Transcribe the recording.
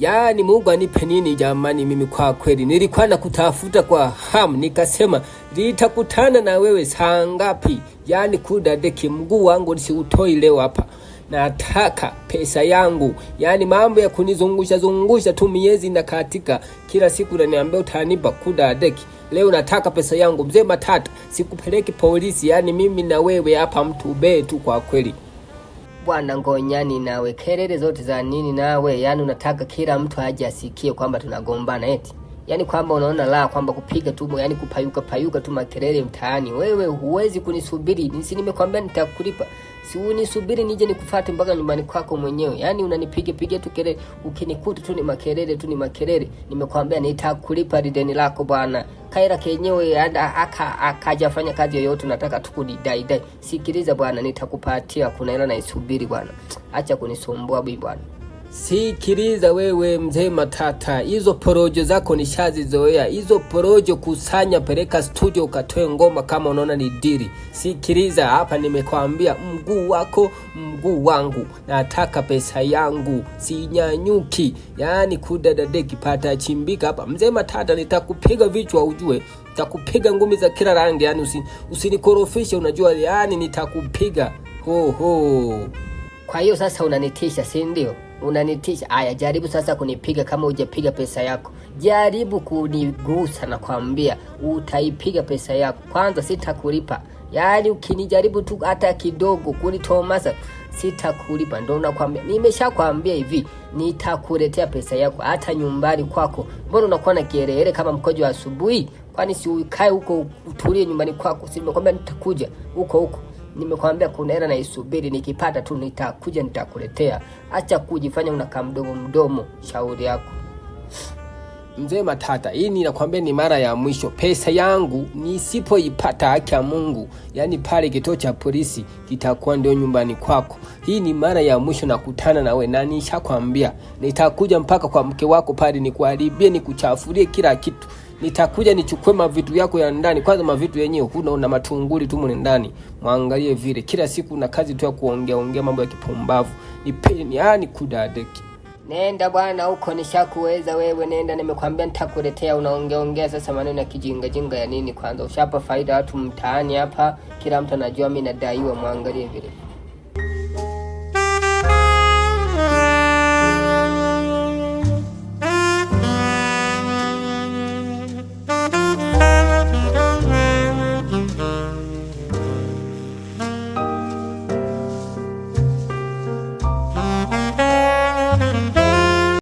Yaani Mungu anipe nini jamani, mimi kwa kweli nilikuwa nakutafuta kwa hamu, nikasema litakutana na wewe saa ngapi? Yaani kudadeki, mguu wangu nisiutoi leo hapa, nataka pesa yangu. Yaani mambo ya kunizungusha zungusha tu, miezi na katika kila siku naniambia utanipa, kudadeki Leo nataka pesa yangu mzee Matata, sikupeleki polisi. Yaani mimi na wewe hapa mtu betu kwa kweli bwana ngonyani nawe, kelele zote za nini nawe? Yani unataka kila mtu aje asikie kwamba tunagombana eti yani kwamba unaona la kwamba kupiga tu yani kupayuka payuka tu makelele mtaani. Wewe huwezi kunisubiri nisi, nimekwambia nitakulipa, si unisubiri nije nikufuate mpaka nyumbani kwako mwenyewe. Yani unanipiga piga tu kelele, ukinikuta tu ni makelele tu ni makelele. Nimekwambia nitakulipa lideni lako bwana. Kaira kenyewe aka akajafanya kazi yoyote, nataka tukudidaidai dai. Sikiliza bwana, nitakupatia kuna hela, naisubiri bwana, acha kunisumbua bwana. Sikiliza wewe mzee Matata, hizo porojo zako nishazizoea. Hizo porojo kusanya, peleka studio ukatoe ngoma kama unaona ni dili. Sikiliza hapa, nimekwambia mguu wako mguu wangu, nataka pesa yangu, sinyanyuki. Yaani kudadadeki kipata chimbika hapa, mzee Matata, nitakupiga vichwa ujue nitakupiga ngumi za kila rangi, yani usi, usinikorofishe unajua, yani nitakupiga ho. Kwa hiyo sasa unanitisha, si ndio? unanitisha. aya jaribu sasa kunipiga kama hujapiga pesa yako, jaribu kunigusa na kwambia utaipiga pesa yako. Kwanza sitakulipa, yaani ukinijaribu tu hata kidogo kunitomasa sitakulipa. Ndio nakwambia, nimeshakwambia hivi, nitakuletea pesa yako hata nyumbani kwako. Mbona unakuwa na kiherehere kama mkojo wa asubuhi? Kwani si ukae huko utulie nyumbani kwako? Si nimekwambia nitakuja huko huko Nimekwambia kuna hela naisubiri, nikipata tu nitakuja nitakuletea. Acha kujifanya unakaa mdomo mdomo, shauri yako Mzee Matata, hii ninakwambia ni mara ya mwisho. Pesa yangu nisipoipata, haki ya Mungu, yaani pale kituo cha polisi kitakuwa ndio nyumbani kwako. Hii ni mara ya mwisho nakutana nawe, na nishakwambia nitakuja mpaka kwa mke wako pale, nikuharibie, nikuchafurie kila kitu nitakuja nichukue mavitu yako ya ndani. Kwanza mavitu yenyewe kuna una matunguli tu mle ndani, mwangalie vile kila siku na kazi tu ya kuongea ongea mambo ya kipumbavu. Nipeni yani kudadeki Nenda bwana huko, nishakuweza wewe, nenda. Nimekwambia nitakuletea, unaongea ongea sasa maneno ya kijinga jinga ya nini? Kwanza ushapa faida watu mtaani hapa, kila mtu anajua mimi nadaiwa. Mwangalie vile